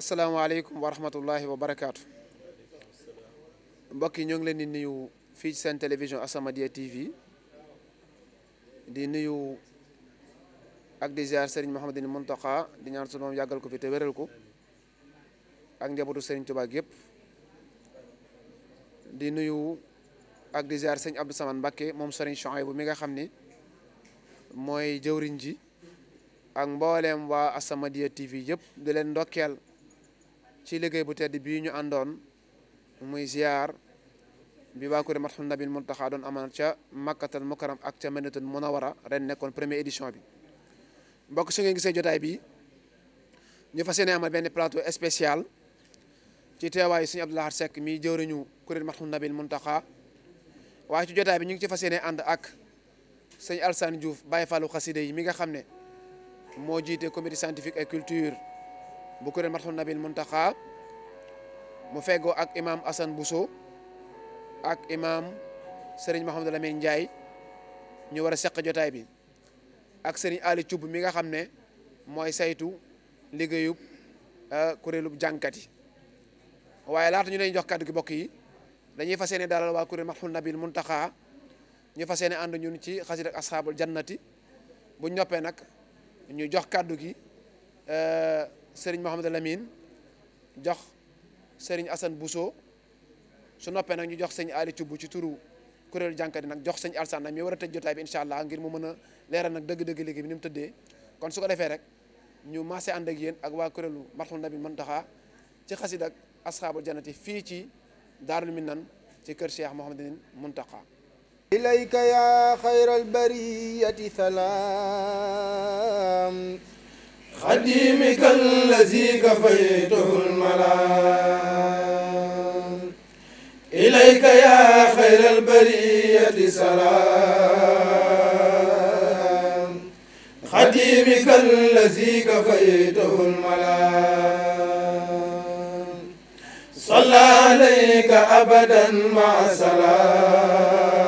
asalaamaaleykum wa rahmatullahi wa barakaatu mbokk yi ñoo ngi leen di nuyu fii seen télévision As-Samadiyya TV di nuyu ak di ziar Serigne Mouhamadou Mountakha di ñaan sunu moom yàggal ko fi te wéral ko ak njabootu Serigne Touba yëpp di nuyu ak di ziar Serigne Abdou Samane Mbacké moom Serigne Chouaïbou mi nga xam ni mooy jëwriñ ji ak mbooleem waa As-Samadiyya TV yëpp di leen ndokkeel. ci liggéey bu tedd bi ñu àndoon muy ziar bi waa kuréel Madhoun Nabil Mountakha doon amal ca Makkatal Mukarram ak ca Madinatul Munawwara ren nekkoon première édition bi mbokk su ngeen gisee jotaay bi ñu fas yéene amal benn plateau spécial ci teewaayu suñu Abdou Lahad Seck mi jëwriñu kuréel Madhoun Nabil Mountakha waaye ci jotaay bi ñu ngi ci fas yéene ànd ak sëñ Alsane Diouf Baye Fallou xaside yi mi nga xam ne moo jiite comité scientifique et culture bu kuréel Madhoun Nabil Mountakha mu feggoo ak imam Assane Bousso ak imam Serigne Mouhamadou Lamine njaay ñu war a seq jotaay bi ak sëriñ Ali Thioub mi nga xam ne mooy saytu liggéeyub euh, kuréelub jànkat yi waaye laata ñu leen jox kàddu gi bokk yi dañuy fas yéene dalal waa kuréel Mahfoul Nabil Muntaxa ñu fas yéene ànd ñun ci xasid ak asxaabul jannati bu ñoppee nag ñu jox kàddu gi euh, sëriñ Mouhamadou Lamine jox. sëriñ Assane Bousso su noppee nag ñu jox sëñ Ali Thioub ci turu kuréelu jànkat yi nag jox sëñ Alsaan nag mi war a tëj jotaay bi incha allah ngir mu mën a leeral nag dëgg-dëgg léegi bi ni mu tëddee kon su ko defee rek ñu maasee ànd ak yéen ak waa kuréelu marxum nabi Muntaxa ci xasid ak asxaabul jannati fii ci daarul minan ci kër Cheikh Mouhamadin Muntaxa ilayka ya xayral bariyati salaam خديمك الذي كفيته الملام إليك يا خير البرية سلام خديمك الذي كفيته الملام صلى عليك أبدا مع السلام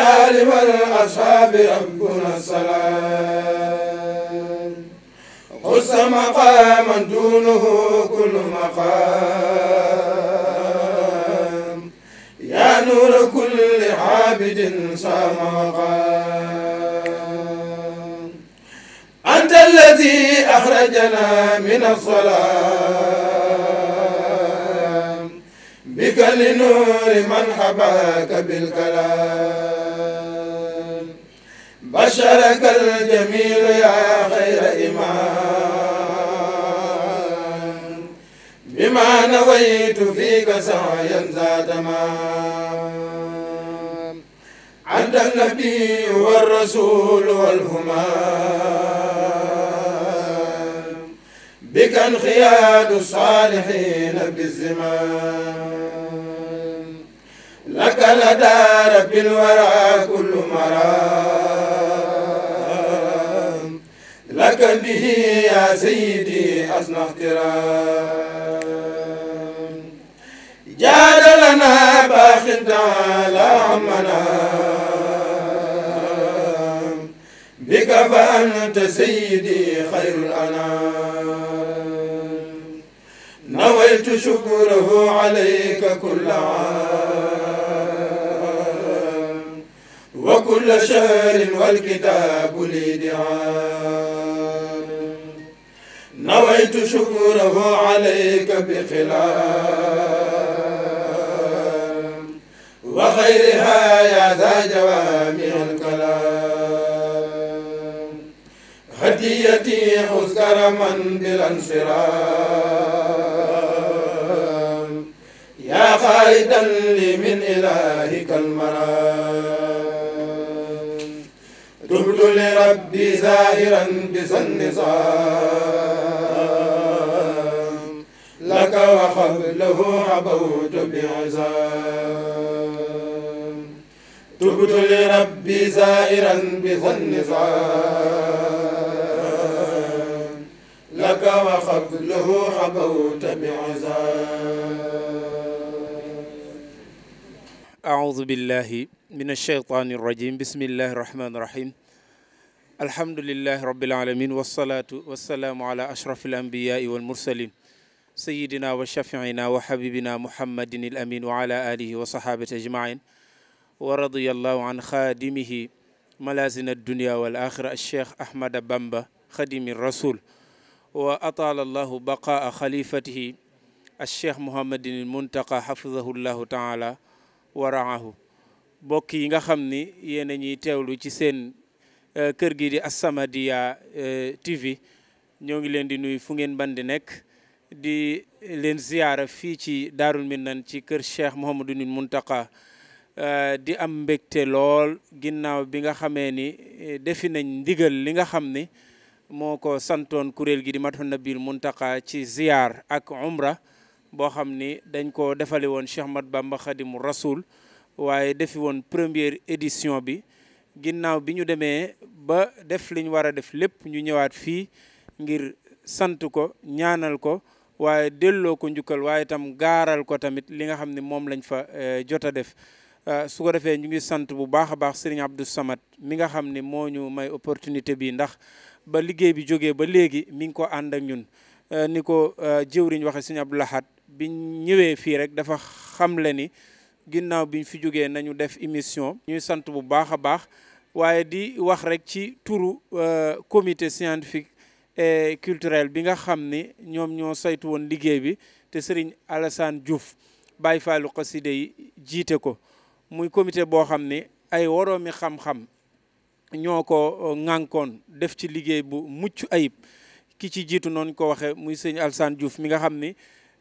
الآل والأصحاب ربنا السلام قص مقاما دونه كل مقام يا نور كل عابد صام مقام أنت الذي أخرجنا من الظلام بك لنور من حباك بالكلام وشرك الجميل يا خير إمام بما نويت فيك سعيا ذات مام عند النبي والرسول والهمام بك انخياد الصالحين بالزمان لك لدى رب الورى كل مرام لك به يا سيدي حسن احترام جاد لنا باخ تعالى عمنا بك فأنت سيدي خير الأنام نويت شكره عليك كل عام وكل شهر والكتاب لي دعاء نويت شكره عليك بخلال وخيرها يا ذا جوامع الكلام هديتي خذ كرما بالانصرام يا خالدا لي من الهك المرام قلت لربي زائرا بذا النظام لك وقبله عبوت بعزام تبت لربي زائرا بذا النظام لك وقبله عبوت بعزام أعوذ بالله من الشيطان الرجيم بسم الله الرحمن الرحيم alhamdulillahi rabbil alamin wasalaatu wasalaamu ala ashraf al anbiyaai wal mursalin sayidina wa shafiina wa habibina muhammadin il amin wa ala alihi wa sahabati ajmain wa radiyallahu an xaadimihi malazina dunia wal axira alcheikh ahmada bamba xadimi rasul wa ataala allahu baqaa xalifatihi alcheikh muhammadin il muntaqa xafidahu llahu taala wa raahu bokk yi nga xam ni yéen a ñuy teewlu ci seen Eh, kër gi di As-Samadiyya eh, TV ñoo ngi leen di nuyu fu ngeen ban di nekk di leen ziyaara fii ci Daarul Minan ci kër Cheikh Mouhamadou Mountakha eh, di am mbégte lool ginnaaw bi nga xamee ni defi nañ ndigal li nga xam ni moo ko santoon kuréel gi di Madhoun Nabil Mountakha ci ziyaar ak umra boo xam ni dañ ko defale woon Cheikh Mat Bamba Khadimu rasuul waaye defi woon première édition bi ginnaaw bi ñu demee ba def liñ war a def lépp ñu ñëwaat fii ngir sant ko ñaanal ko waaye delloo ko njukkal waaye tam gaaral ko tamit li nga xam ne moom lañ fa eh, jot a def eh, su ko defee ñu ngi sant bu baax a baax Serigne Abdou samat mi nga xam ne moo ñu may opportunité bi ndax ba liggéey bi jógee ba léegi mi ngi ko ànd ak ñun eh, ni ko jëwriñ waxe Serigne Abdou Lahad bi ñëwee fii rek dafa xamle ni ginnaaw biñ fi jógee nañu def émission ñuy sant bu baax a baax waaye di wax rek ci turu euh, comité scientifique e culturel bi nga xam ni ñoom ñoo saytu woon liggéey bi te Serigne Alassane Diouf Baye ko xaside yi jiite ko muy comité boo xam ni ay waroomi xam-xam ñoo ko euh, ŋànkoon def ci liggéey bu mucc ayib ki ci jiitu noonu ko waxee muy sëñ Alassane Diouf mi nga xam ni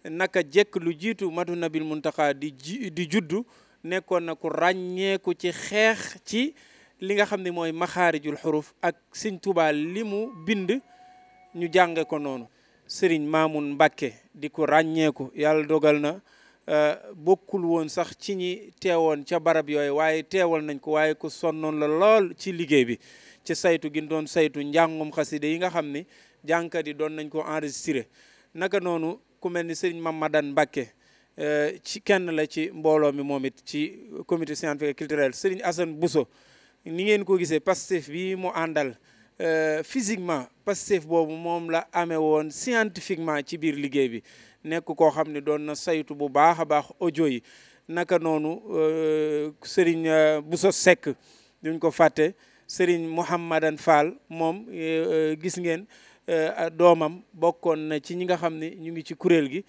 naka jekk lu jiitu madu nabil muntaxa di ji di juddu nekkoon na ku ràññeeku ci xeex ci li nga xam ni mooy maxaarijul xuruf ak sëñ Tuubaa li mu bind ñu jànge ko noonu sëriñ Maamun Mbàkke di ko ràññeeku yàlla dogal na euh, bokkul woon sax ci ñi teewoon ca barab yooyu waaye teewal nañ ko waaye ku sonnoon la lool ci liggéey bi ci saytu gi doon saytu njàngum xaside yi nga xam ni jànkat yi doon nañ ko enregistré naka noonu ku mel ni Serigne Mamadane Mbacke euh, ci kenn la ci mbooloo mi moom it ci comité scientifique et culturel Serigne Assane Bousso ni ngeen ko gisee Pastef bii mu àndal euh, physiquement Pastef boobu moom la amee woon scientifiquement ci biir liggéey bi nekk koo xam ne doon na saytu bu baax a baax audio yi naka noonu euh, Serigne Bousso Seck duñ ko fàtte Serigne Mouhamadane Fall moom gis ngeen. Eh, doomam bokkoon na ci ñi nga xam ni ñu ngi ci kuréel gi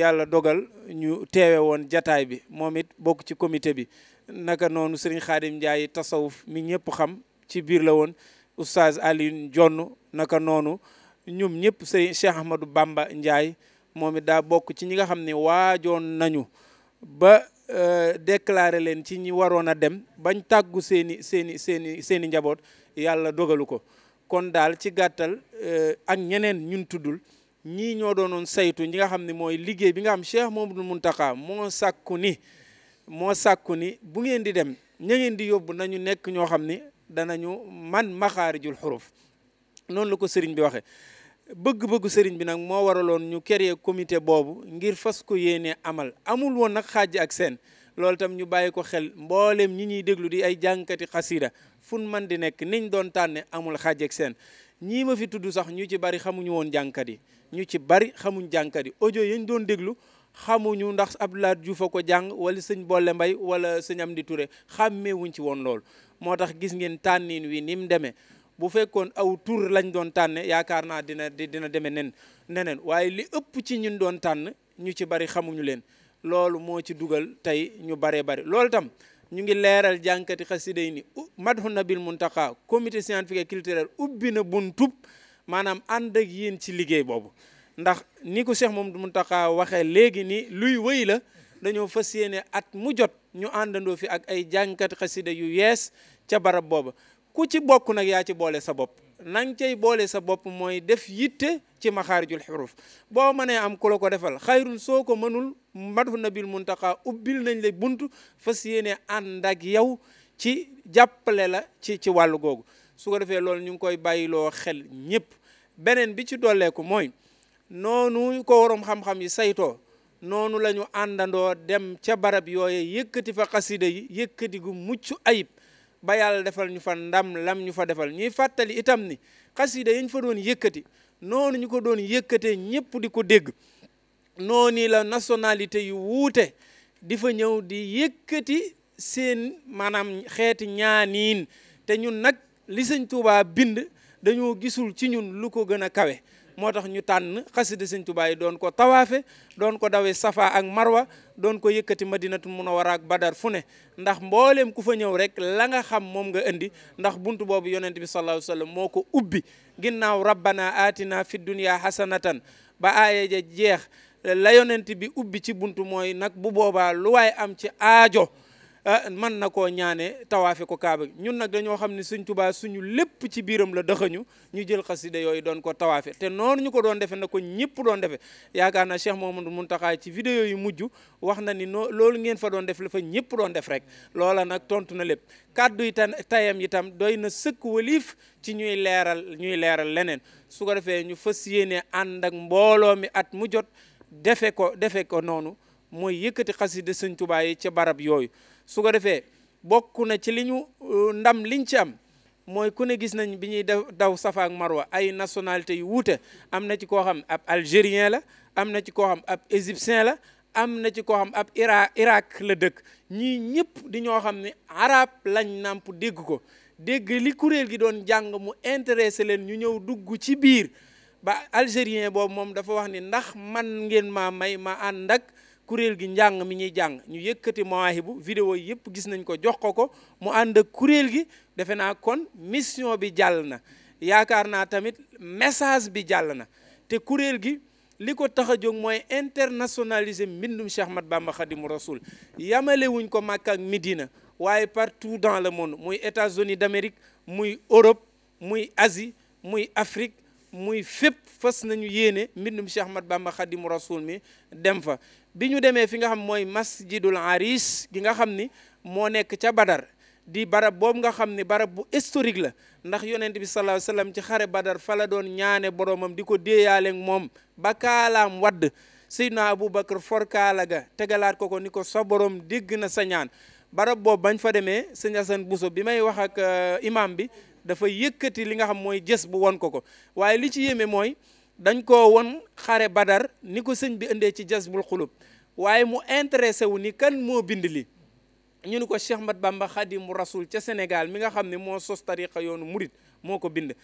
yàlla dogal ñu teewe woon jataay bi moom it bokk ci comité bi naka noonu sëriñ Xaadim Njaay tasawuf mi ñëpp xam ci biir la woon oustaz Alioune Jonn naka noonu ñoom ñëpp sëriñ Cheikh Ahmadou Bamba Njaay moom it daa bokk ci ñi nga xam ni waajoon nañu ba eh, déclaré leen ci ñi waroon a dem bañ tàggu seeni seeni seeni seeni njaboot yàlla dogalu ko kon daal ci gàttal euh, ak ñeneen ñun tuddul ñii ñoo doonoon saytu ñi nga xam ni mooy liggéey bi nga xam Cheikh Mouhamadoul Mountakha moo sàkku ni moo sàkku ni bu ngeen di dem ña ngeen di yóbbu nañu nekk ñoo xam ni danañu man maxaarijul xuruf noonu la ko sëriñ bi waxe bëgg-bëggu sëriñ bi nag moo waraloon ñu créer comité boobu ngir fas ko yéenee amal amul woon nag xaaj ak seen loolu tam ñu bàyyi ko xel mboolem ñi ñuy déglu di ay jànkati xasida fun man di nekk niñ doon tànnee amul xaaj seen ñii ma fi tudd sax ñu ci bari xamuñu woon jànkat yi ñu ci bari xamuñ jànkat yi audio yañ doon déglu xamuñu ndax Abdoulaye Diouf a ko jàng wala sëñ boole Mbay wala sëñ Amdi Touré xàmmeewuñ ci woon lool moo tax gis ngeen tànnin wi ni mu demee bu fekkoon aw tur lañ doon tànne yaakaar naa dina dina demee nen neneen waaye li ëpp ci ñun doon tànn ñu ci bari xamuñu leen loolu moo ci dugal tey ñu baree bari loolu tam ñu ngi leeral jànkati xasida yi ni madhu mun muntaka comité scientifique et culturel ubbi na buntub maanaam ànd ak yéen ci liggéey boobu ndax ni ko moom Mouhamadou Mountakha waxee léegi ni luy wëy la dañoo fas yéene at mu jot ñu àndandoo fi ak ay jànkat xasida yu yees ca barab booba ku ci bokk nag yaa ci boole sa bopp la nga cay boole sa bopp mooy def yitte ci maxaarijul xuruf boo mënee am ku la ko defal xayrun soo ko mënul na madu mun taxa ubbil nañ la bunt fas yéene ànd ak yow ci jàppale la ci ci wàllu googu su ko defee loolu ñu ngi koy bàyyiloo xel ñëpp beneen bi ci dolleeku mooy noonu ko waroom xam-xam yi saytoo noonu la ñu àndandoo dem ca barab yooye yëkkati fa xasida yi yëkkati gu mucc ayib ba yàlla defal ñu fa ndam lam ñu fa defal ñuy fàttali itam ni xasida yi ñu fa doon yëkkati noonu ñu ko doon yëkkatee ñëpp di ko dégg nooni la nationalité yu wuute di fa ñëw di yëkkati seen maanaam xeeti ñaaniin te ñun nag li sëñ Tuubaa bind dañoo gisul ci ñun lu ko gën a kawe moo tax ñu tànn xasida sëñ Tuubaa yi doon ko tawaafe doon ko dawee safa ak marwa doon ko yëkkati madinatu munawwara ak badar fu ne ndax mbooleem ku fa ñëw rek la nga xam moom nga indi ndax buntu boobu yonent bi sallallahu alayhi moo ko ubbi ginnaaw rabbana atina fi dunya hasanatan ba aaya jeex la yonent bi ubbi ci buntu mooy nag bu boobaa lu waay am ci aajo Ah, man na koo ñaane tawaafe ko kaaba ñun nag dañoo xam ne suñ tubaa suñu lépp ci biiram la dëxañu ñu jël xasida yooyu doon ko tawaafe te noonu ñu ko doon defe na ko ñëpp doon defe yaakaar naa Cheikh Mouhamadou Mountakha ci vidéo yu mujj wax na ni noo loolu ngeen fa doon def la fa ñëpp doon def rek loola nag tontu na lépp kàddu yi tan tayam itam doy na sëkk waliif ci ñuy leeral ñuy leeral leneen su ko defee ñu fas yéene ànd ak mbooloo mi at mu jot defe ko defe ko noonu mooy yëkkati xasida de Tuubaa yi ca barab yooyu su ko defee bokk na ci li ñu euh, ndam liñ ci am mooy ku ne gis nañ bi ñuy daw Safa ak Marwa ay nationalité yu wuute am na ci koo xam ab algérien la am na ci koo xam ab égyptien la am na ci koo xam ab ira Irak la dëkk ñi ñëpp di ñoo xam ne arab lañ nàmp dégg ko dégg li kuréel gi doon jàng mu intéressé leen ñu ñëw dugg ci biir ba algérien boobu moom dafa wax ni ndax man ngeen maa may ma ànd ak kuréel gi njàng mi ñuy jàng ñu yëkkati mawaahibu bu video yëpp gis nañ ko jox ko ko mu ànd ak kuréel gi defe naa kon mission bi jàll na yaakaar naa tamit message bi jàll na te kuréel gi li ko tax a jóg mooy internationaliser mbindum Cheikh Ahmad Bamba Khadimu Rasul yamale wuñ ko Makka ak Medina waaye partout dans le monde muy États-Unis d'Amérique muy Europe muy asi muy Afrique muy fépp fas nañu yéene mbindum Cheikh Ahmad Bamba Khadimu Rasul mi dem fa bi ñu demee fi nga xam mooy masjidul aris gi nga xam ni moo nekk ca badar di barab boobu nga xam ni barab bu historique la ndax yonent bi sallallahu alayhi ci xare badar fa la doon ñaane boromam di ko déeyaaleeg moom ba kaalaam wadd seydina aboubacar forkaala ga tegalaat ko ko ni ko sa borom dégg na sa ñaan barab boobu bañ fa demee sëñ Asan Buso bi may wax ak euh, imam bi dafa yëkkati li nga xam mooy jës bu won ko ko waaye li ci yéeme mooy dañ ko won xare badar ni ko sëñ bi indee ci jasbul xulub waaye mu intéressé wu ni kan moo bind li ñu ni ko Cheikh Mat Bamba Xadimu Rasul ca Sénégal mi nga xam ne moo sos tariqa yoonu murit moo ko bind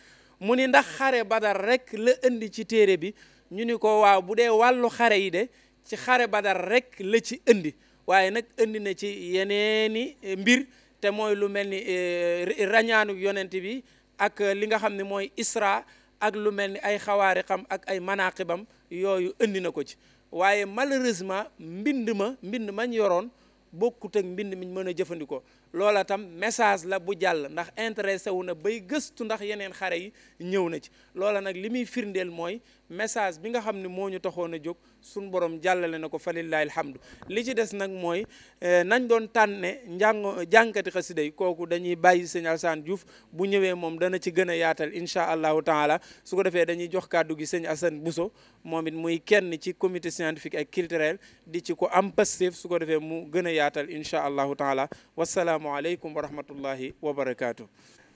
mu ni ndax xare badar rek la indi ci téere bi ñu ni ko waaw bu dee wàllu xare yi de ci xare badar rek la ci indi waaye nag andi na ci yeneeni mbir te mooy lu mel ni eh, rañaanu yonent bi ak li nga xam ne mooy isra ak lu mel ni ay xawaari xam ak ay manaqibam yooyu indi na ko ci waaye maleureusement mbind ma mbind mañ yoroon bokkut ak mbind miñ mën a jëfandikoo loola tam message la bu jàll ndax intéressé wu na bay gëstu ndax yeneen xare yi ñëw na ci loola nag li muy firndeel mooy message bi nga xam ne moo ñu taxoon a jóg suñ borom jàllale na ko falillahi alhamdu li ci des nag mooy eh, nañ doon tànne njàng jànkati xasida yi kooku dañuy bàyyi sëñ Assane Diouf bu ñëwee moom dana ci gën a yaatal incha allahu taala su ko defee dañuy jox kàddu gi sëñ Assane Bousso moom it muy kenn ci comité scientifique ak culturel di ci ko am passif su ko defee mu gën a yaatal incha allahu taala wasalaam asalaamualeykum wa rahmatullahi wa barakaatu.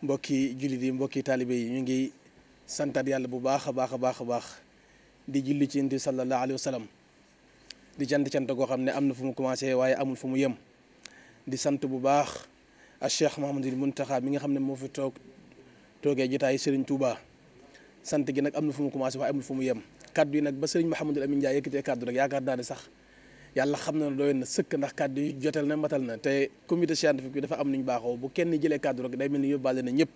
mbokki jullit yi mbokki taalibe yi ñu ngi santaat yàlla bu baax a baax a baax a baax di julli ci indi sallallahu alayhi wa sallam di cant goo xam ne am na fu mu commencé waaye amul fu mu yem di sant bu baax ak Cheikh Mouhamadul Mountakha mi nga xam ne moo fi toog toogee jotaay Serigne Touba sant gi nag am na fu mu commencé mu yem kaddu yi nag ba Serigne Mouhamadul Amin Ndiaye yëkkatee kaddu rek yaakaar naa ne sax. yàlla xam na doo doyoon na sëkk ndax kàdd yi jotel na matal na te comité scientifique bi dafa am nu ñu baaxoo bu kenn jëlee kàddu rek day mel ni yóbbaale na ñëpp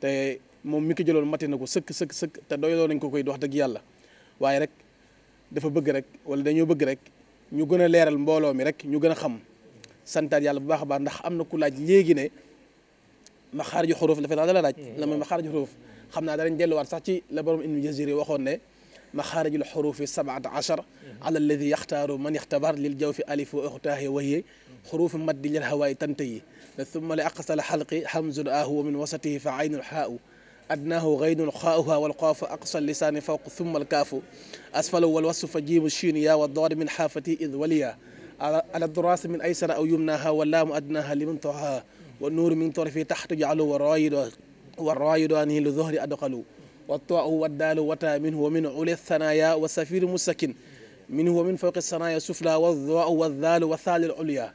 te moom mi ko jëloon mate na ko sëkk sëkk sëkk te doyloo nañ ko koy wax dëgg yàlla waaye rek dafa bëgg rek wala dañoo bëgg rek ñu gën a leeral mbooloo mi rek ñu gën a xam santaat yàlla bu baax a baax ndax am na ku laaj léegi ne ma xaar ju xuruuf dafa naa dala laaj mm. la mooy ma xaar xam naa danañ delluwaat sax ci la borom indi waxoon ne maxaarijul xurufi sabaat achar ala alladi yaxtaaru man ixtabar lil jaw fi alif wa oxtaahi waye xurufi maddi lil hawaay tante yi te summa li aqsal xalqi hamzun ahu wa min wasatihi fa aynul xaau adnaahu gaynun xaauha wal qaafu aqsal lisaani fawq summa alkaafu asfalu wal wasu fa jiimu chiin yaa wa doori min xaafati id waliya ala duraasi min aysara aw yumnaaha wa laamu adnaaha liman toxaha wa nuuru min torfi taxtu jacalu wa raayido wa raayidoanihi li zohri adqalu wa taahu wa daalu wata minhu wa min uli thanaya wa safiru mustakin minhu wa min fawqi thanaya sufla wa daau wa daalu wa thaalil ulya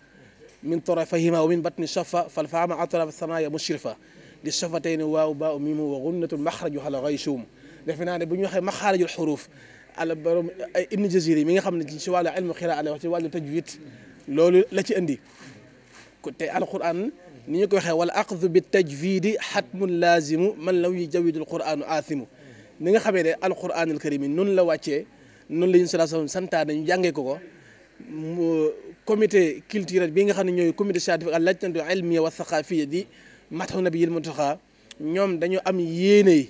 min tarafihima wa min batni shafa falfaama atraf thanaya mushrifa li shafatayni waaw baa mimu wa gunnatun maxrajuha al ghayshuum defe naa ne bu ñu waxee maxaarijul xuruuf al borom ibnu jazir yi mi nga xam ne ci wàllu ilmu xiraa la wax ci wàllu tajwid loolu la ci indi te alquran ni ñu ko waxee wala aqdu bi tajwidi xatmun laazimu man law yu jawidul quraanu aathimu ni nga xamee ne alquranul karim yi noonu la wàccee noonu la ñu salaa sallam santaa nañu jàngee ko ko comité culturel bi nga xam ne ñooy comité scientifique ak lajnatu ilmiya wa thaqafiya di mataw nabiyil muntaxa ñoom dañu am yéene yi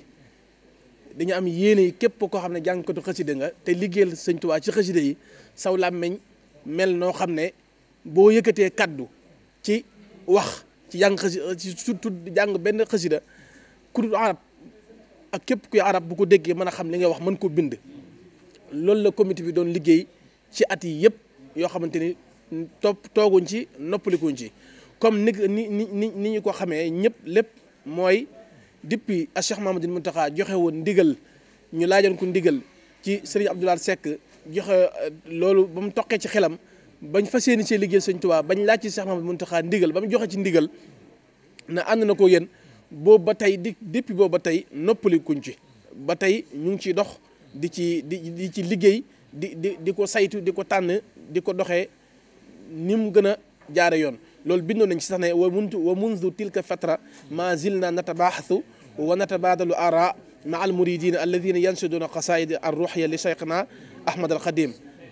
dañu am yéene yi képp koo xam ne jàngkatu xasida nga te liggéeyal sëñ Tuubaa ci xasida yi saw làmmiñ mel noo xam ne boo yëkkatee kaddu ci wax ci jàng xasi euh, ci surtout jàng benn xasida ku dul arab ak képp kuy arab bu ko déggee mën a xam li ngay wax mën ko bind loolu la comité bi doon liggéey ci at yi yëpp yoo xamante ni topp tooguñ ci noppalikuñ ci comme ni ni ni ñu ko xamee ñëpp lépp mooy depuis a Cheikh Mamadou Mountakha joxe woon ndigal ñu laajoon ko ndigal ci Serigne Abdoulaye Seck joxe euh, loolu ba mu toqee ci xelam bañ fas yéene see liggéey sëñ Tuubaa bañ laaj ci Seex Mamadu Muntaxa ndigal ba mu joxe ci ndigal na ànd na ko yéen boobu ba tey di depuis boobu ba tey noppali kuñ ci ba tey ñu ngi ciy dox di ci di di ci liggéey di di di ko saytu di ko tànn di ko doxee ni mu gën a jaare yoon loolu bindoon nañ ci sax ne wa muntu wa mundu tilka fatra ma zilna natabaxasu wa natabaadalu ara ma al muridina alladina yansuduuna qasaid ar ruxiya li cheikhna ahmad al qadim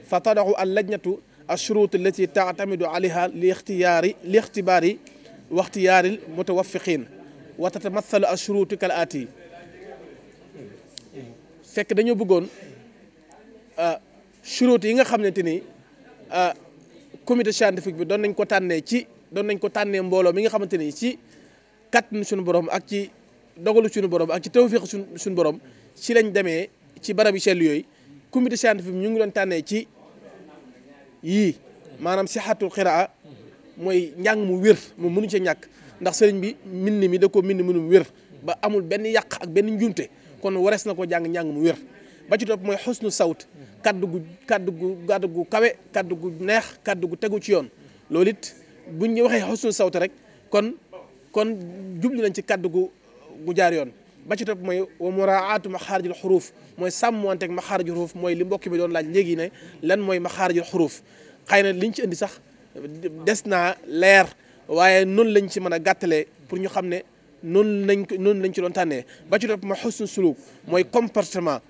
fa tadaxu al lajnatu ashuruut allati taatamidu alayha li ixtiyaari li ixtibaari wa ixtiyaari mutawafiqin wa tatamathalu ashuruutu kal aati fekk dañoo bëggoon shuruut yi nga xamante ni comité scientifique bi doon nañ ko tànnee ci doon nañ ko tànnee mbooloo mi nga xamante ni ci kàttanu suñu borom ak ci dogalu suñu borom ak ci tawfiq suñu borom ci lañ demee ci barab yu sell yooyu comité scientifique bi ñu ngi doon tànnee ci. yii maanaam sixatul xiraa mooy njàng mu wér mu mënu ci ñàkk ndax sëriñ bi mbind mi da ko mbind mënum wér ba amul benn yàq ak benn njuumte kon warees na ko jàng njàng mu wér ba ci topp mooy xusnu sawt kaddu gu kaddu gu gu kawe kaddu gu neex kaddu gu tegu ci yoon loolu it buñ waxee xusnu sawt rek kon kon jublu nañ ci kaddu gu gu jaar yoon ba ci topp mooy wa muraatu maxaarijul xuruuf mooy sàmmanteeg maxaarijul xuruuf mooy li mbokk mi doon laa léegi ne lan mooy maxaarijul xuruuf xëy na liñ ci indi sax des naa leer waaye noonu lañ ci mën a gàttalee pour ñu xam ne noonu lañ noonu lañ ci doon tànnee ba ci topp ma xusnu suluk mooy comportement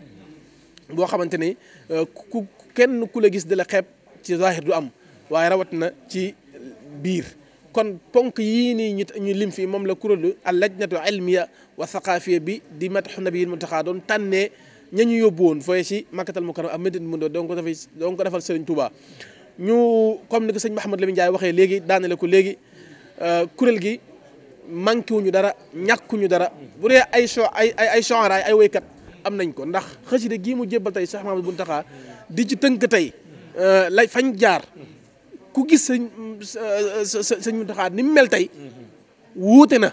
boo xamante ni euh, ku kenn ku la gis di la xeeb ci zahir du am waaye rawat na ci biir kon ponk yii nii ñu ñu lim fii moom la kuréelu a lajnatu ilmiya wa saqaafiya bi di mat matxu nabi yil taxaa doon tànnee ña ñu yóbbu woon fooye si makkatal mukarram ak medina mundoor doon ko dafay doon ko defal sëriñ Touba ñu comme ni ko sëñ Mahamad Lamine Ndiaye waxee léegi daanale ko léegi euh, kuréel gi manqué wuñu dara ñàkkuñu dara bu dee ay so ay ay ay ay woykat am nañ ko ndax xasida gii mu jébbal tey Cheikh Mahamad Muntaxaa di ci tënk tey euh, lay fañ jaar ku gis sëñ sëñ Muntaxa ni mu mel tey wuute na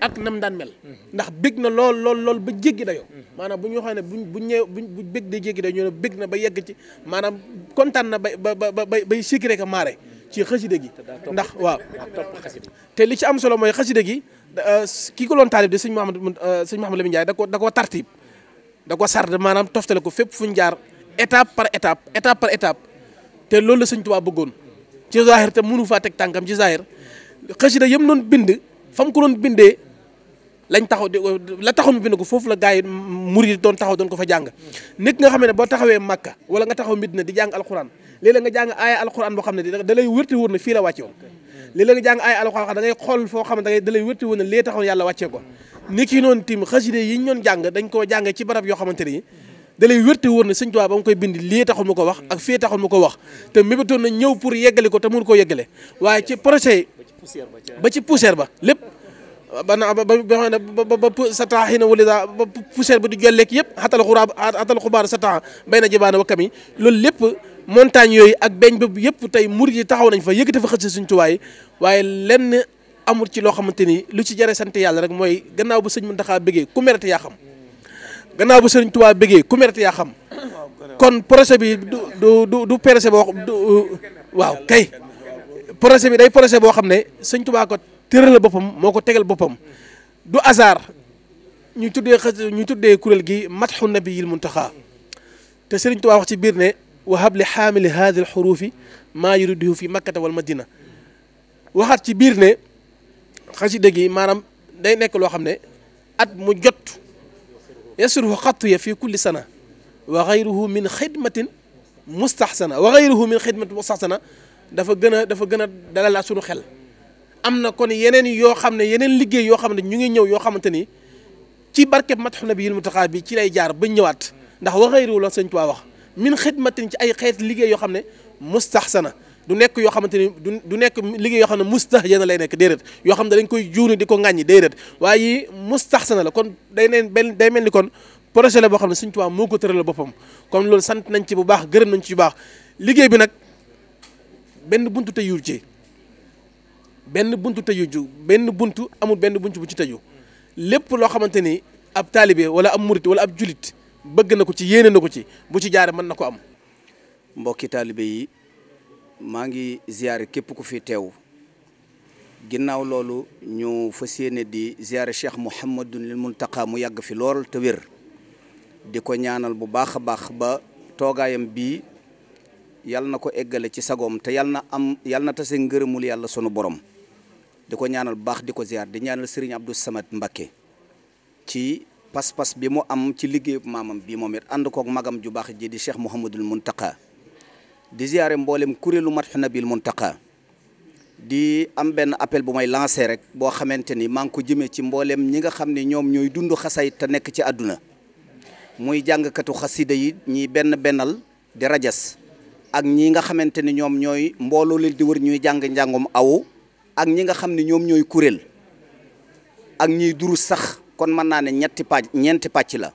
ak nam daan mel ndax bég na lool lool lool ba jéggi dayoo maanaam bu ñu waxee ne buñ buñ ñëw bu bég de jéggi dayoo ñu ne bég na ba yegg ci maanaam kontaan na ba ba ba bay sikkire ka maare ci xaside gi ndax waaw te li ci am solo mooy xaside gi euh, kii ko loon taalib de sëñ Mouhamad euh, sëñ Mouhamad Lamine Ndiaye da ko da koo tartib da ko sard maanaam toftale ko fépp fuñ jaar étape par étape étape par étape te loolu la sëñ Tuubaa bëggoon ci zaahir te mënu faa teg tànkam ci zaahir xasida yëm doon bind fa ko doon bindee lañ taxaw di la taxaw mu bind ko foofu la gars yi murid doon taxaw doon ko fa jàng nit nga xam ne boo taxawee Makka wala nga taxaw Medina di jàng alxuraan léeg-léeg nga jàng aaya alxuraan boo xam ne da lay wérti la woon léeg-léeg nga jàng aaya alxuraan da ngay xool foo xam ne da lay wérti wóor ne lee taxaw yàlla wàccee ko ni ki noonu tim xasida yi ñu doon jàng dañ koo jàng ci barab yoo xamante ni da lay wérte wóor ne sëñ ba mu koy bind lii taxul ma ko wax ak fii taxul ma ko wax te mébétoon na ñëw pour yeggali ko te mënu ko yeggale waaye ci projet yi ba ci ba lépp ba na ba ba ba sa taax yi na wala daa ba poussière ba di jolleek yëpp xatal xuraab xatal xubaar sa taax bay na jibaana wakkam yi loolu lépp montagne yooyu ak beñ bëb yëpp tey murid yi taxaw nañ fa yëkkati fa xëcc sëñ Tuubaa yi waaye lenn amul ci loo xamante ni lu ci jare sant yàlla rek mooy gannaaw bu sëñ Muntaxaa bëggee ku merati yaa xam gannaaw bu sëriñ Tuubaa bëggee ku mérite yaa xam kon projet bi du du du du boo waaw kay projet bi day projet boo xam ne sëñ Tuubaa ko tëral boppam moo ko tegal boppam du hasard ñu tuddee xës ñu tuddee kuréel gi matxu nabiyil muntaxa te sëriñ Tuubaa wax ci biir ne wahab li xaamili haadi alxuruufi maa yuridihu fi makkata wal dina waxaat ci biir ne xasida dëggi maanaam day nekk loo xam ne at mu jot yasruhu xattuya fii kulli sana wa xayruhu min xidmatin mustaxsana wa xayruhu min xidmatin mustaxsana dafa gën a dafa gën a dalalaat suñu xel am na kon yeneen yoo xam ne yeneen liggéey yoo xam ne ñu ngi ñëw yoo xamante ni ci barkeb matxu nabiyil mutaxa bi ci lay jaar ba ñëwaat ndax wa xayruhu la sëñ Tuubaa wax min xidmatin ci ay xeet liggéey yoo xam ne mustaxsana du nekk yoo xamante ni du du nekk liggéey yoo xam ne mustahjana lay nekk déedéet yoo xam ne dañ koy juuni di ko ŋàññi déedéet waaye yi mustahsana la kon day neen benn day mel ni kon projet la boo xam ne Sëriñ Tuubaa moo ko tëral boppam kon loolu sant nañ ci bu baax gërëm nañ ci bu baax liggéey bi nag benn buntu tëyu ci benn buntu tëyu benn bunt amul benn bunt bu ci tëju lépp loo xamante ni ab taalibe wala ab murit wala ab julit bëgg na ko ci yéene na ko ci bu ci jaare mën na ko am mbokki taalibe yi maa ngi ziare képp ku fi teew ginnaaw loolu ñu fa yéene di ziare Cheikh Mouhamadul Muntaqa mu yàgg fi lool te wér di ko ñaanal bu baax a baax ba toogaayam bii yal na ko eggale ci sagoom te yal na am yal na tase ngërëmul yàlla sunu borom di ko ñaanal bu baax di ko ziar di ñaanal Serigne Abdou samat mbakke ci pas-pas bi mu am ci liggéeyub maamam bi moom it ànd kook magam ju baax ji di Cheikh Mouhamadul Muntaqa di ziare mboolem kuréelu Madhoun-Nabil Mountakha di am benn appel bu may lancé rek boo xamante ni maa ngi ko jëmee ci mboolem ñi nga xam ne ñoom ñooy dund xasay te nekk ci àdduna muy jàngkatu xasida yi ñi benn bennal di rajas ak ñi nga xamante ni ñoom ñooy mbooloo leen di wër ñuy jàng njàngum awu ak ñi nga xam ne ñoom ñooy kuréel ak ñiy duru sax kon mën naa ne ñetti pàcc ñeenti pàcc la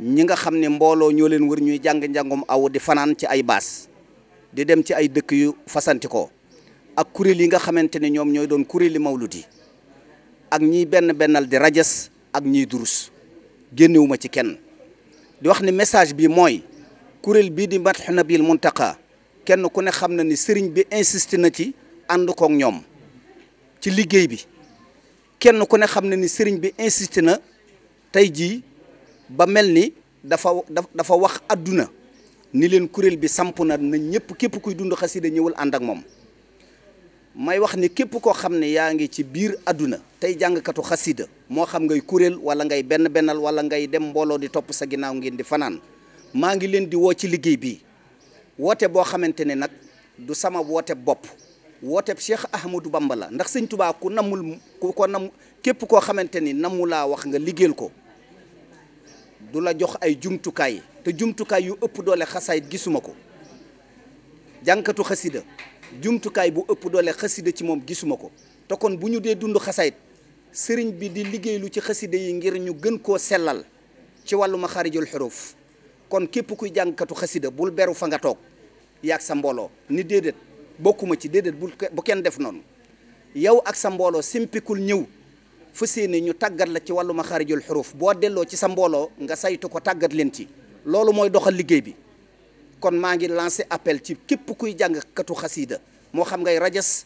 ñi nga xam ne mbooloo ñoo leen wër ñuy jàng njàngum aw di fanaan ci ay baas di dem ci ay dëkk yu fasantikoo ak kuréel yi nga xamante ne ñoom ñooy doon kuréeli mawlud di ak ñii benn bennal di rajas ak ñii durus génnewuma ci kenn di wax ne message bi mooy kuréel bii di Madhoun Nabil Mountakha kenn ku ne xam na ni sëriñ bi insisté na ci ànd koog ñoom ci liggéey bi kenn ku ne xam na ni sëriñ bi insisté na tey jii ba mel ni dafa dafa wax adduna ni leen kuréel bi samp na na ñëpp képp kuy dund xasida ñëwul ànd ak moom may wax ni képp koo xam ne yaa ngi ci biir àdduna tey jàngkatu xasida moo xam ngay kuréel wala ngay benn bennal wala ngay dem mbooloo di topp sa ginnaaw ngeen di fanaan maa ngi leen di woo ci liggéey bi woote boo xamante ne nag du sama woote bopp woote Cheikh Ahmadou Bamba la ndax sëñ Tuubaa ku namul ku ko nam képp koo xamante ni namulaa wax nga liggéeyal ko du la jox ay jumtukaay te jumtukaay yu ëpp doole xasaayit gisuma ko jànkatu xasida jumtukaay bu ëpp doole xasida ci moom gisuma ko te kon bu ñu dee dund xasaayit sëriñ bi di liggéey lu ci xasida yi ngir ñu gën koo sellal ci wàllu maxaarijul xuruf kon képp kuy jànkatu xasida bul beru fa nga toog yaag sa mbooloo ni déedéet bokkuma ci déedéet bu kenn def noonu yow ak sa mbooloo simpikul ñëw fa séene ñu tàggat la ci wàllu maxaarijul xuruf boo delloo ci sa mbooloo nga saytu ko tàggat leen ci loolu mooy doxal liggéey bi kon maa ngi lancé appel ci képp kuy jàng katu xasida moo xam ngay rajas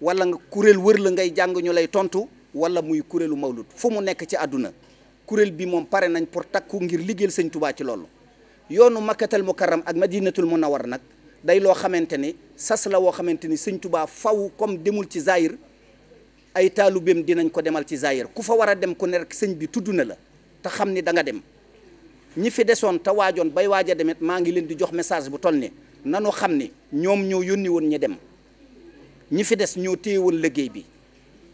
wala nga kuréel wër la ngay jàng ñu lay tontu wala muy kuréelu mawlud fu mu nekk ci àdduna kuréel bi moom pare nañ pour takku ngir liggéeyal sañ tubaa ci loolu yoonu makkatal mukarram ak ma diinatul madinatul munawwar nag day loo xamante ni sas la woo xamante ni sëñ tubaa faw comme demul ci zahir ay taalubeem dinañ ko demal ci Zaire ku fa war a dem ku ne rek sëñ bi tudd na la te xam ni da nga dem ñi fi desoon te waajoon bay waaja a maa ngi leen di jox message bu toll ni nanu xam ni ñoom ñoo yónni woon ñi dem ñi fi des ñoo téye woon liggéey bi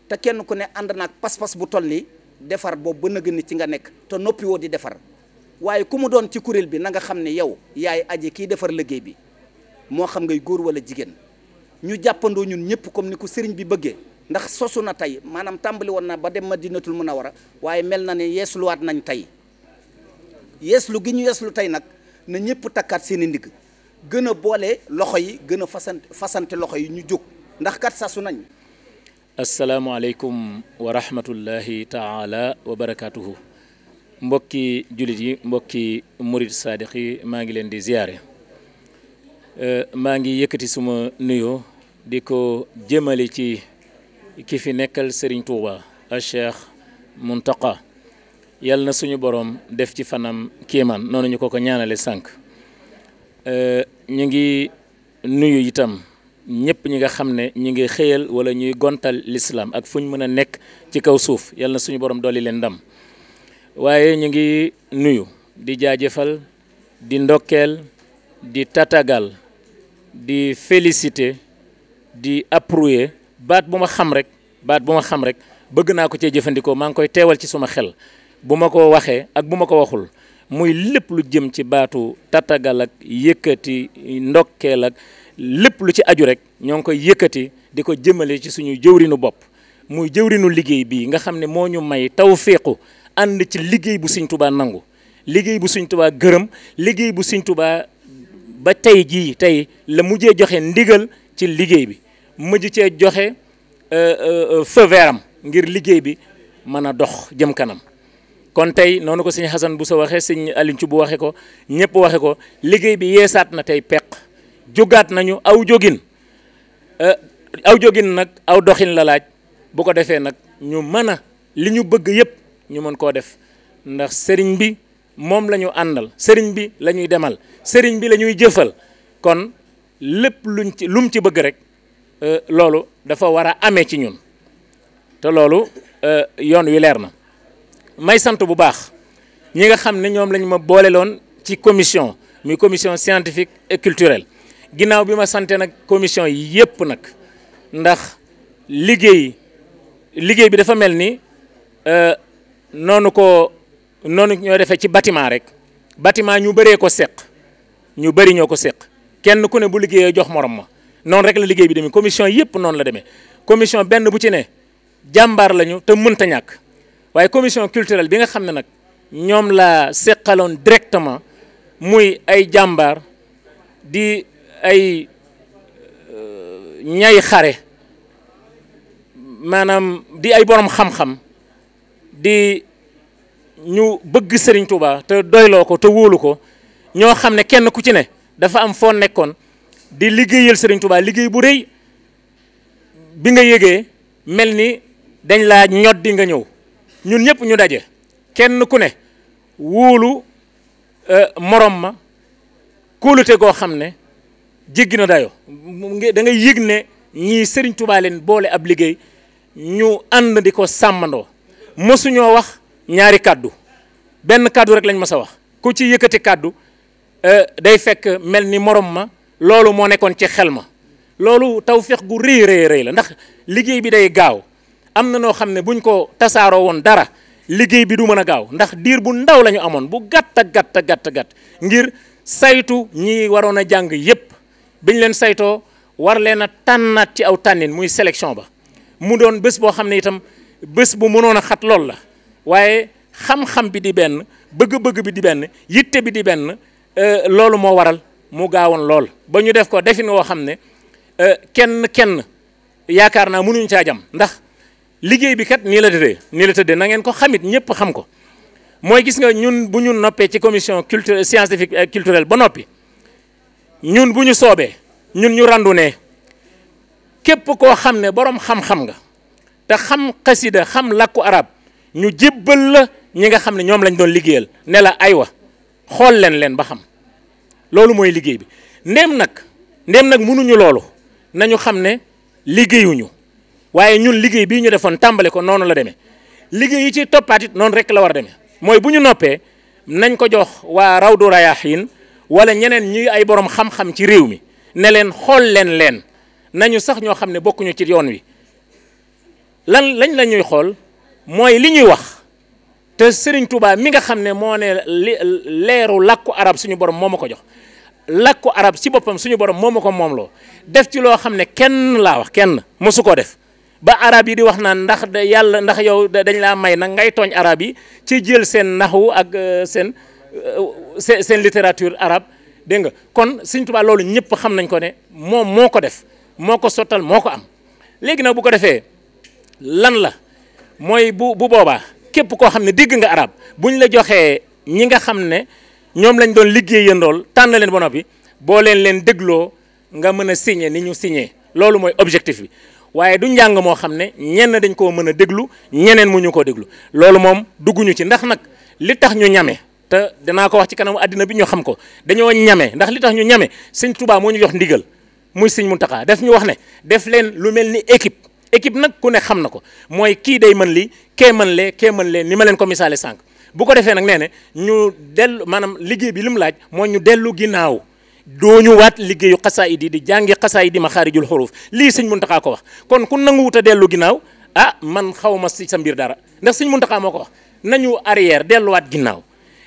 te kenn ku ne ànd naag pas-pas bu toll ni defar boobu ba nëgg ni ci nga nekk te noppi di defar waaye ku mu doon ci kuréel bi na nga xam ne yow yaay aji kii defar liggéey bi moo xam ngay góor wala jigéen ñu jàppandoo ñun ñëpp comme ni ko sëriñ bi bëggee ndax sosu na tey maanaam tàmbali woon na ba dem ma mën a wara waaye mel na ne yeesluwaat nañ tey yeeslu gi ñu yeeslu tey nag na ñëpp takkaat seen i ndigg gën a boole loxo yi gën a fasante loxo yi ñu jóg ndax kat sasu nañ asalaamualeykum wa rahmatullahi taala wa barakaatuhu mbokki jullit yi mbokki murid saadiq yi maa ngi leen di ziyaare euh, maa ngi yëkkati suma nuyoo di ko jëmale ci ki fi nekkal Serigne Touba a Cheikh Mountakha yal na suñu boroom def ci fanam kéemaan noonu ñu ko ko ñaanale sànq euh, ñu ngi nuyu itam ñëpp ñi nga xam ne ñu ngi xëyal wala ñuy gontal lislaam ak fu ñu mën a nekk ci kaw suuf yàlla na suñu borom dolli leen ndam waaye ñu ngi nuyu di jaajëfal di ndokkeel di tatagal di féliciter di approuver baat bu ma xam rek baat bu ma xam rek bëgg naa ko cee jëfandikoo maa ngi koy teewal ci suma xel bu ma ko waxee ak bu ma ko waxul muy lépp lu jëm ci baatu tatagal ak yëkkati ndokkeel ak lépp lu ci aju rek ñoo ngi koy yëkkati di ko jëmale ci suñu jëwrinu bopp muy jëwrinu liggéey bi nga xam ne moo ñu may tawféqu ànd ci liggéey bu Sëñ Tuubaa nangu liggéey bu Sëñ Tuubaa gërëm liggéey bu Sëñ Tuubaa ba tey jii tey la mujjee joxe ndigal ci liggéey bi mujj cee joxe euh, euh, feu vert ngir liggéey bi mën a dox jëm kanam kon tey noonu ko sëñ Xasan bu sa waxee sëñ Alioune ci bu waxee ko ñëpp waxe ko liggéey bi yeesaat na tey peq jogaat nañu aw jógin euh, aw jógin nag aw doxin la laaj bu ko defee nag ñu mën a li ñu bëgg yëpp ñu mën koo def ndax sëriñ bi moom lañu àndal sëriñ bi la ñuy demal sëriñ bi lañuy jëfal kon lépp luñ ci lu ci bëgg rek Euh, loolu dafa war a amee ci ñun te loolu euh, yoon wi leer na may sant bu baax ñi nga xam ne ñoom lañ ma boole loon ci commission muy commission scientifique et culturel ginnaaw bi ma sante nag commission yi yëpp nag ndax liggéey liggéey bi dafa mel ni euh, noonu ko noonu ñoo defee ci bâtiment rek bâtiment ñu bëree ko seq ñu bëri ñoo ko seq kenn ku ne bu liggéeyee jox morom ma noonu rek la liggéey bi demee commission yëpp noonu la demee commission benn bu ci ne jàmbaar lañu te mënta ñàkk waaye commission culturelle bi nga xam ne nag ñoom la seqaloon directement muy ay jàmbaar di ay euh, ñay xare maanaam di ay borom xam-xam di ñu bëgg Serigne Touba te doyloo ko te wóolu ko ñoo xam ne kenn ku ci ne dafa am foo nekkoon. di liggéeyal Serigne Touba liggéey bu rëy bi nga yëgee mel ni dañ laa ñoddi nga ñëw ñun ñëpp ñu daje kenn ku ne wóolu euh, morom ma kóolute goo xam ne jéggi na dayo da ngay yëg ne ñii sëriñ Touba leen boole ab liggéey ñu ànd di ko sàmmandoo mosuñoo wax ñaari kàddu benn kàddu rek lañ mës a wax ku ci yëkkati kàddu euh, day fekk mel ni morom ma loolu moo nekkoon ci xel ma loolu tawféex gu rëy rëy rëy la ndax liggéey bi day gaaw am na noo xam ne buñ ko tasaaroo woon dara liggéey bi du mën a gaaw ndax diir bu ndaw lañu amoon bu gàtt gàtt gàtt gàtt ngir saytu ñi waroon a jàng yépp biñ leen saytoo war leen a tànnaat ci aw tànnin muy sélection ba mu doon bés boo xam ne itam bés bu mënoon a xat lool la waaye xam-xam bi di benn bëgg-bëgg bi di benn yitte bi di benn euh, loolu moo waral. mu gaawoon lool ba ñu def ko defin woo xam ne euh, kenn kenn yaakaar naa mënuñ caa jam ndax liggéey bi kat nii la tëddee nii la na ngeen ko xamit ñëpp xam ko mooy gis nga ñun bu ñu noppee ci commission culture scientifique et culturelle ba noppi ñun bu ñu soobee ñun ñu randu képp koo xam ne boroom xam-xam nga te xam xasida xam lakku arab ñu jébbal la ñi nga xam ne ñoom lañ doon liggéeyal ne la aywa xool leen leen ba xam loolu mooy liggéey bi ndéem nag ndéem nag mënuñu loolu nañu xam ne liggéeyuñu waaye ñun liggéey bii ñu defoon tàmbali ko noonu la demee liggéey yi ci toppaat it noonu rek la war a deme mooy bu ñu noppee nañ ko jox waa rawdu rayaahiin wala ñeneen ñuy ay borom xam-xam ci réew mi ne leen xool leen leen nañu sax ñoo xam ne bokkuñu ci yoon wi lan lañ lañuy xool mooy li ñuy wax. te Serigne Touba mi nga xam ne moo ne leeru làkku arab suñu borom moo ma ko jox làkku arab si boppam suñu borom moo ko moom loo def ci loo xam ne kenn laa wax kenn mosu koo def ba arab yi di wax naan ndax da yàlla ndax yow dañ laa may nag ngay tooñ arab yi ci jël seen naxwu ak euh, seen euh, seen seen littérature arabe dégg nga kon Serigne Touba loolu ñëpp xam nañ ko ne moom moo ko def moo ko sottal moo ko am léegi nag bu ko defee lan la mooy bu bu boobaa. képp koo xam ne dégg nga arab ñu la joxee ñi nga xam ne ñoom lañ doon liggéeyandool tànn leen ba bi boo leen leen dégloo nga mën a ni ñu signé loolu mooy objectif bi waaye du njàng moo xam ne ñenn dañ koo mën a déglu ñeneen mu ñu koo déglu loolu moom dugguñu ci ndax nag li tax ñu ñame te danaa ko wax ci kanam àddina bi ñu xam ko dañoo ñame ndax li tax ñu ñame sëñ tubaa moo ñu jox ndigal muy sëñ Muntaxa def ñu wax ne def leen lu mel ni équipe équipe nag ku ne xam na ko mooy kii day mën lii kee mën lee kee mën lee ni ma leen ko misaale sànq bu ko defee nag nee ne ñu dellu maanaam liggéey bi li mu laaj moo ñu dellu ginnaaw dooñu waat liggéeyu xasaayid yi di jàngi xasaayid yi ma xaarijul xuruf lii sëñ Muntaxa ko wax kon ku nanguwut a dellu ginnaaw ah man xaw ma si sa mbir dara ndax mun Muntaxa moo ko wax nañu arrière delluwaat ginnaaw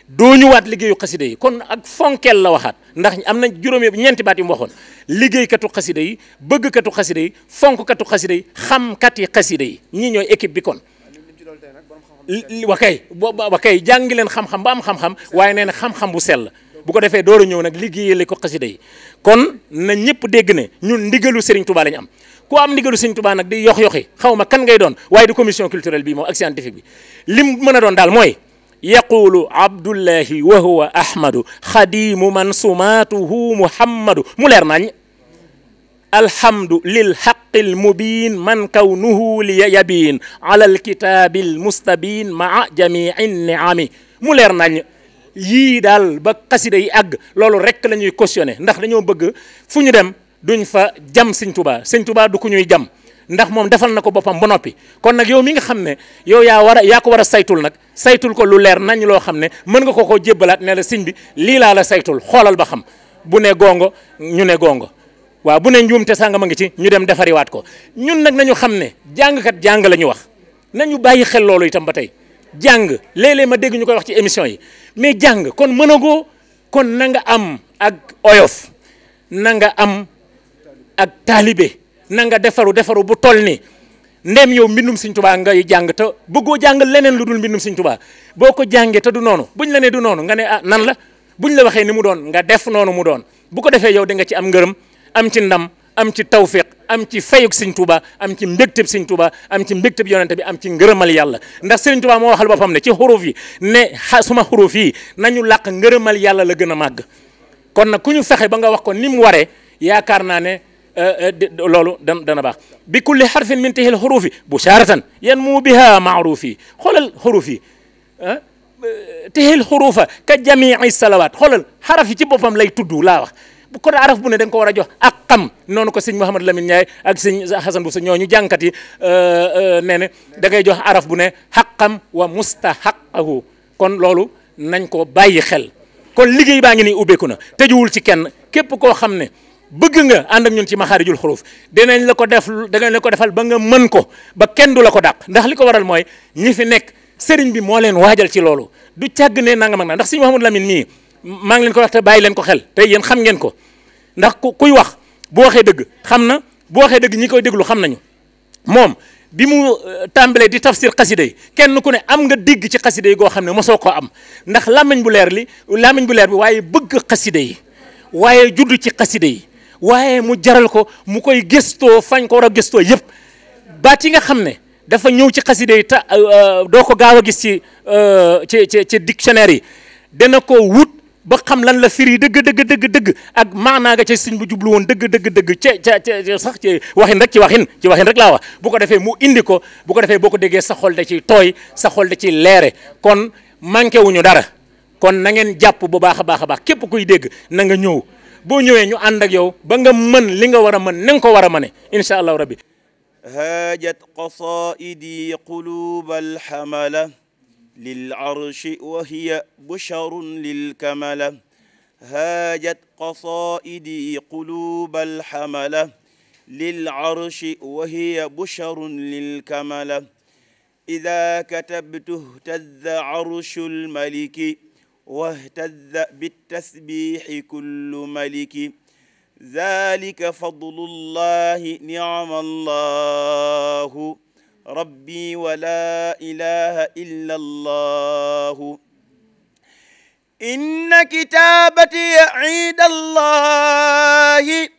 dooñu waat liggéeyu xasida yi kon ak fonkeel la waxaat ndax am na juróomi ñeenti baat yu mu waxoon liggéeykatu xasida yi bëggkatu xasida yi fonkkatu xasida yi xamkati xasida yi ñii ñooy équipe bi kon wakay wakay jàngi leen xam-xam ba am xam-xam waaye nee na xam-xam bu sell bu ko defee door a ñëw nag liggéeyale ko xasida yi kon na ñëpp dégg ne ñun ndigalu Serigne Touba lañu am ku am ndigalu Serigne Touba nag di yox yoxi xaw ma kan ngay doon waaye du commission culturelle bi moom ak scientifique bi lim mën a doon daal mooy yaquulu abdullahi wa huwa ahmadu xadiimu man sumaatuhu muhammadu mu leer nañ alhamdu lil xaqil mubiin man kawnuhu li yabiin alal kitaabil mustabiin maa jamii niami mu leer nañ yii daal ba xasida yi àgg loolu rek la ñuy cautionné ndax dañoo bëgg fu ñu dem duñ fa jam sëñ tubaa sëñ tubaa du ku ñuy jam ndax moom defal na ko boppam ba noppi kon nag yow mi nga xam ne yow yaa war a yaa ko war a saytul nag saytul ko lu leer nañ loo xam ne mën nga koo ko jébbalaat ne la siñ bi lii laa la saytul xoolal ba xam bu ne gongo ñu ne gongo waaw bu ne njuumte sàngama ngi ci ñu dem defariwaat ko ñun nag nañu xam ne jàngkat jàng la ñu wax nañu bàyyi xel loolu itam ba tey jàng léeg-léeg ma dégg ñu koy wax ci émission yi mais jàng kon mënagoo kon nanga am ak oyof na nga am ak taalibe na nga defaru defaru bu toll nii ndem yow mbindum Sëñ Tuubaa ngay jàng te bëggoo jàng leneen lu dul mbindum Sëñ Tuubaa boo ko jàngee te du noonu buñ la nee du noonu nga ne ah nan la bu ñu la waxee ni mu doon nga def noonu mu doon bu ko defee yow di nga ci am ngërëm am ci ndam am ci tawfiq am ci fayuk Sëñ Tuubaa am ci mbégteb Sëñ Tuubaa am ci mbégteb yonente bi am ci ngërëmal yàlla ndax Sëñ Tuubaa moo waxal boppam ne ci xuruf yi ne suma xuruf yi nañu làq ngërëmal yàlla la gën a màgg kon ñu ni mu waree yaakaar naa ne Eh, eh, loolu dan dana baax bi kulli xarfin min tihil xurufi busharatan yan mu biha maaruf yi xoolal xuruf yi ah eh, tihil xurufa ka jamii salawaat xoolal xaraf yi ci boppam lay tudd laa wax bu ko araf bu ne da ko war a jox ak xam noonu ko sëñ Mouhamadou Lamine Ndiaye ak sëñ Xasan Bousso ñooñu jànkat yi nee na da ngay jox araf bu ne xaqam wa mustaxaqahu kon loolu nañ ko bàyyi xel kon liggéey baa ngi nii ubbeeku na ci kenn képp koo xam ne bëgg nga ànd ak ñun ci maxaarijul xuruuf danañ la ko def dinañ la ko defal ba nga mën ko ba kenn du la ko dàq ndax li ko waral mooy ñi fi nekk sëriñ bi moo leen waajal ci loolu du càgg ne nanga mag naa ndax sëriñ Mouhamadou Lamine mii maa ngi leen ko wax te bàyyi leen ko xel tey yéen xam ngeen ko ndax ku kuy wax bu waxee dëgg xam na bu waxee dëgg ñi koy déglu xam nañu moom bi mu euh, tàmbalee di tafsir xasida yi kenn ku ne am nga dégg ci xasida yi goo xam ne mosoo koo am ndax bu leer li làmmiñ bu leer bi waaye bëgg xasida yi waaye judd ci xasida yi waaye mu jaral ko mu koy gëstoo fañ ko war a gëstoo yëpp baat yi nga xam ne dafa ñëw ci xaside yi ta euh, euh, doo ko gaaw a gis ci euh, ci ci ci dictionnaire yi dana ko wut ba xam lan la firi dëgg dëgg dëgg dëgg ak maanaa nga ca suñ bu jublu woon dëgg dëgg dëgg ca ca ca sax ci waxin rek ci waxin ci waxin rek laa wax bu ko defee mu indi ko bu ko defee boo ko déggee sa xol da ciy tooy sa xol da ciy leere kon manqué wuñu dara kon na ngeen jàpp bu baax a baax a baax képp kuy dégg na nga ñëw boo ñëwee ñu ànd ak yow ba nga mën li nga war a mën na nga ko war a mëne incha allahu rabbi haajat qasaidi quluba alhamala lil arshi wa hiya busharun lil kamala haajat qasaidi quluba alhamala lil arshi wa hiya busharun lil kamala ida katabtu htazza arshul maliki واهتز بالتسبيح كل ملك ذلك فضل الله نعم الله ربي ولا إله إلا الله إن كتابتي عند الله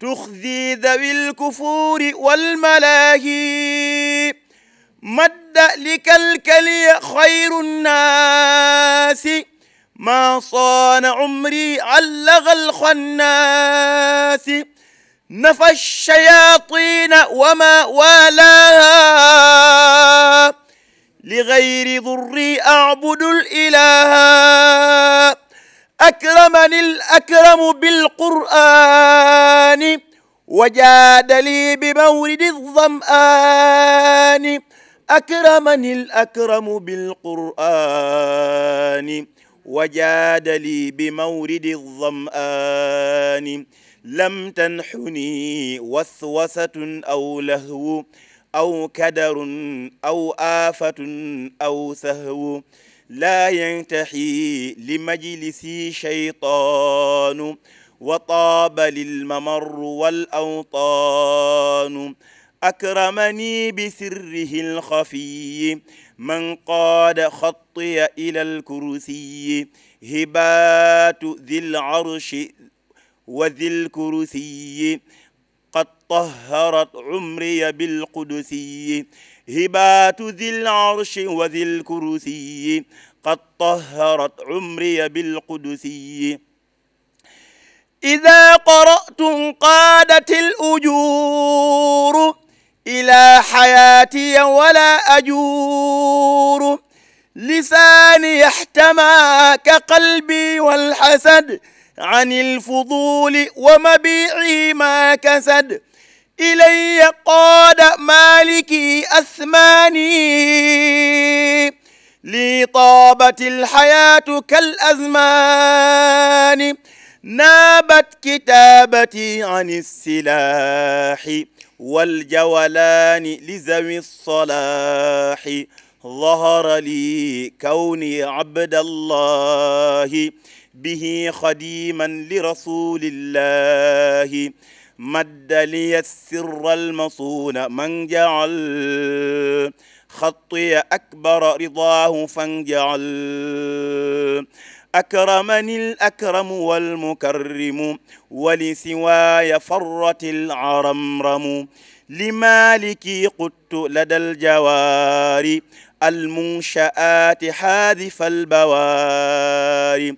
تخزي ذوي الكفور والملاهي مد لك الكلي خير الناس ما صان عمري علغ الخناس نفى الشياطين وما والاها لغير ضري أعبد الإله أكرمني الأكرم بالقرآن وجاد لي بمورد الظمآن أكرمني الأكرم بالقرآن wajaadali bi mawridi zam'aani lam tanxuni waswasatun aw lahwu aw kadarun aw aafatun aw sahwu laa yantaxi li majlisi shaytaanu wa taaba lilmamarru wal awtaanu akramani bi sirrihi alxafiyi man qaada xattiya ila alkursiyi hibaatu dil arshi wa dil kursiyi qad taharat umriya bilqudusiyi hibaatu dil arshi wa dil kursiyi qad taharat umriya bilqudusiyi ida qara'tum qaadatil ujuur إلى حياتي ولا أجور لساني احتمى كقلبي والحسد عن الفضول ومبيعي ما كسد إلي قاد مالكي أثماني لي طابت الحياة كالأزمان نابت كتابتي عن السلاح waljawalaani li zawi salaahi zahara li kawni abdallahi bihi xadiman li rasulillahi madda liya sirra almasuuna man jacal xatiya akbara ridaahu fan jacal akramani l akramu walmukarrimu wali siwaaya farrati l aramramu limaliki quttu lada aljawaari almunsha'aati haadifa albawaari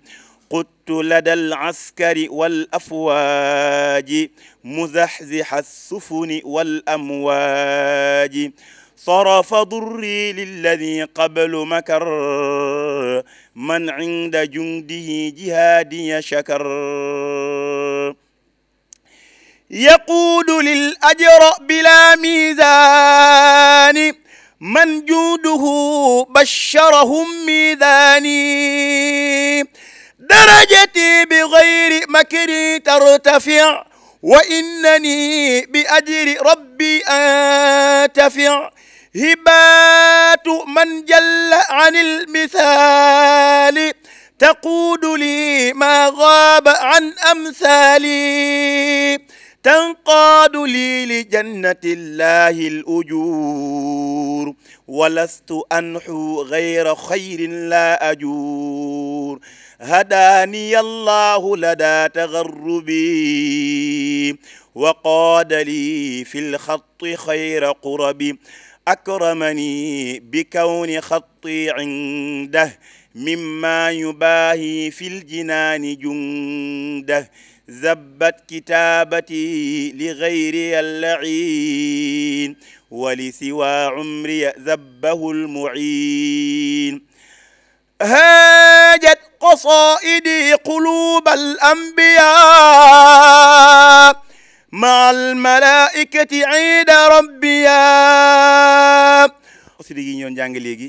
quttu lada alaskari walafwaaji muzahziha assufuni walamwaaji صرف ضري للذي قبل مكر من عند جنده جهادي شكر يقود للأجر بلا ميزان من جوده بشرهم ميزاني درجتي بغير مكري ترتفع وإنني بأجر ربي أنتفع hibaatu man jalla an ilmithali taquudu li ma gaaba an amthali tanqaadu li li jannati llahi al ujur walastu anxu gayra xayrin la ajur hadaaniya allahu lada tagarrubi wa qaada li fi lxatti xayra qurabi akramani bi kawni xatti indah mimma yubaahi fil jinaani jundah zabbat kitaabati li gayri allain wali siwa umri zabbahu almuin haajat qasaidi quluba al anbiya مع الملائكة عيد ربيا xasida gi ñoo jàng léegi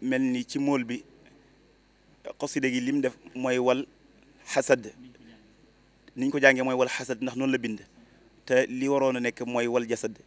mel ni ci mool bi xasida gi lim def mooy wal xasad niñ ko jàngee mooy wal xasad ndax noonu la bind te li waroon a nekk mooy wal jasad